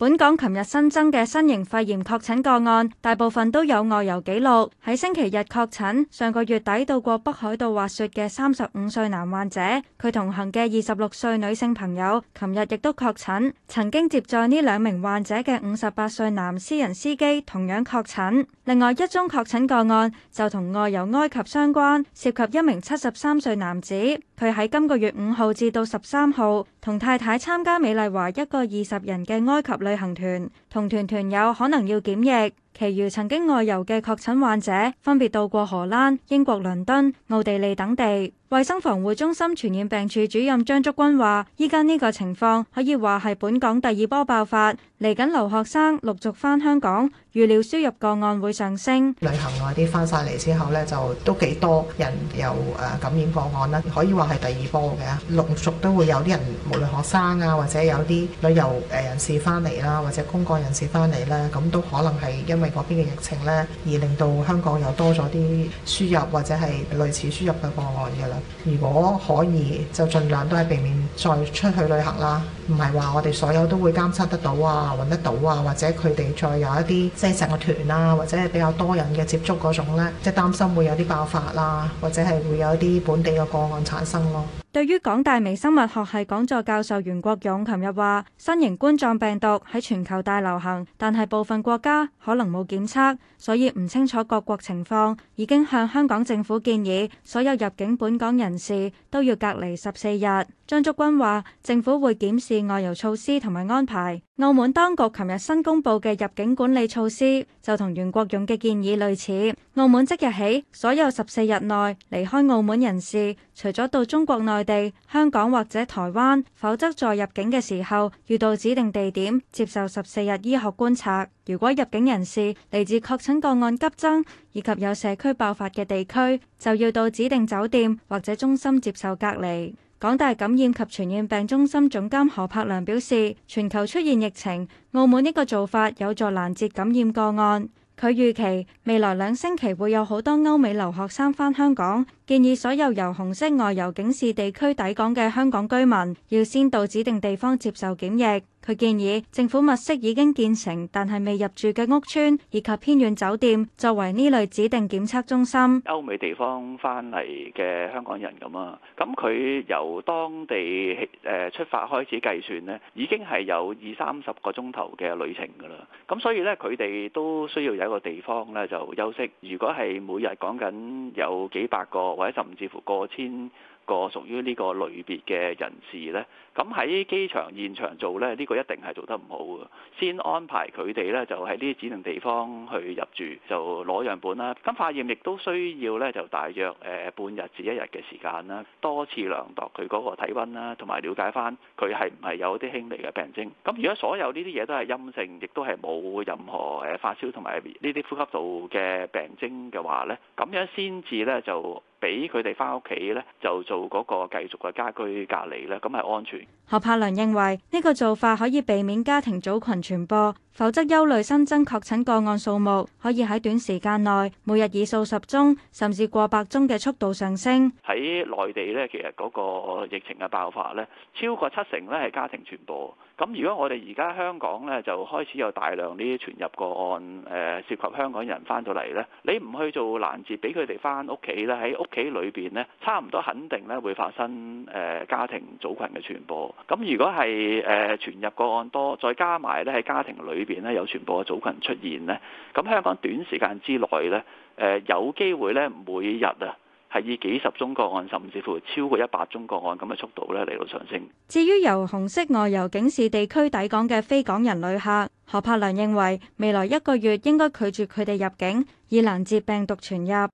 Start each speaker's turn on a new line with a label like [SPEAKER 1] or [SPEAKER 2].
[SPEAKER 1] 本港琴日新增嘅新型肺炎確診個案，大部分都有外遊記錄。喺星期日確診，上個月底到過北海道滑雪嘅三十五歲男患者，佢同行嘅二十六歲女性朋友，琴日亦都確診。曾經接載呢兩名患者嘅五十八歲男私人司機同樣確診。另外一宗確診個案就同外遊埃及相關，涉及一名七十三歲男子，佢喺今個月五號至到十三號同太太參加美麗華一個二十人嘅埃及旅行團同團團友可能要檢疫。其餘曾經外遊嘅確診患者，分別到過荷蘭、英國倫敦、奧地利等地。衛生防護中心傳染病處主任張竹君話，依家呢個情況可以話係本港第二波爆發，嚟緊留學生陸續返香港，預料輸入個案會上升。
[SPEAKER 2] 旅行外啲翻曬嚟之後呢，就都幾多人有誒感染個案啦，可以話係第二波嘅，陸續都會有啲人，無論學生啊，或者有啲旅遊誒人士翻嚟啦，或者公幹人士翻嚟啦。咁都可能係因為。嗰邊嘅疫情咧，而令到香港又多咗啲輸入或者係類似輸入嘅個案嘅啦。如果可以，就盡量都係避免再出去旅行啦。唔係話我哋所有都會監測得到啊、揾得到啊，或者佢哋再有一啲即係成個團啊，或者係比較多人嘅接觸嗰種咧，即係擔心會有啲爆發啦，或者係會有一啲本地嘅個案產生咯。對
[SPEAKER 1] 於港大微生物學系講座教授袁國勇，琴日話：新型冠狀病毒喺全球大流行，但係部分國家可能冇檢測，所以唔清楚各國情況。已經向香港政府建議，所有入境本港人士都要隔離十四日。張竹君話，政府會檢視外遊措施同埋安排。澳門當局琴日新公布嘅入境管理措施就同袁國勇嘅建議類似。澳門即日起，所有十四日內離開澳門人士，除咗到中國內地、香港或者台灣，否則在入境嘅時候要到指定地點接受十四日醫學觀察。如果入境人士嚟自確診個案急增以及有社區爆發嘅地區，就要到指定酒店或者中心接受隔離。港大感染及傳染病中心總監何栢良表示，全球出現疫情，澳門呢個做法有助攔截感染個案。佢預期未來兩星期會有好多歐美留學生返香港，建議所有由紅色外遊警示地區抵港嘅香港居民，要先到指定地方接受檢疫。佢建議政府物色已經建成但係未入住嘅屋邨以及偏遠酒店，作為呢類指定檢測中心。
[SPEAKER 3] 歐美地方翻嚟嘅香港人咁啊，咁佢由當地誒出發開始計算呢，已經係有二三十個鐘頭嘅旅程噶啦。咁所以呢，佢哋都需要有一個地方呢就休息。如果係每日講緊有幾百個或者甚至乎過千。個屬於呢個類別嘅人士呢，咁喺機場現場做呢，呢個一定係做得唔好嘅。先安排佢哋呢，就喺呢啲指定地方去入住，就攞樣本啦。咁化驗亦都需要呢，就大約誒半日至一日嘅時間啦。多次量度佢嗰個體温啦，同埋了解翻佢係唔係有啲輕微嘅病徵。咁如果所有呢啲嘢都係陰性，亦都係冇任何誒發燒同埋呢啲呼吸道嘅病徵嘅話呢，咁樣先至呢就。俾佢哋翻屋企咧，就做嗰個繼續嘅家居隔離咧，咁係安全。
[SPEAKER 1] 何柏良認為呢個做法可以避免家庭組羣傳播，否則憂慮新增確診個案數目可以喺短時間內每日以數十宗甚至過百宗嘅速度上升。
[SPEAKER 3] 喺內地咧，其實嗰個疫情嘅爆發咧，超過七成咧係家庭傳播。咁如果我哋而家香港咧就開始有大量呢啲傳入個案，誒涉及香港人翻到嚟咧，你唔去做攔截，俾佢哋翻屋企咧，喺屋企裏邊呢，差唔多肯定咧，會發生誒家庭組羣嘅傳播。咁如果係誒傳入個案多，再加埋咧喺家庭裏邊咧有傳播嘅組羣出現呢，咁香港短時間之內呢，誒有機會咧每日啊係以幾十宗個案，甚至乎超過一百宗個案咁嘅速度咧嚟到上升。
[SPEAKER 1] 至於由紅色外遊警示地區抵港嘅非港人旅客，何栢良認為未來一個月應該拒絕佢哋入境，以攔截病毒傳入。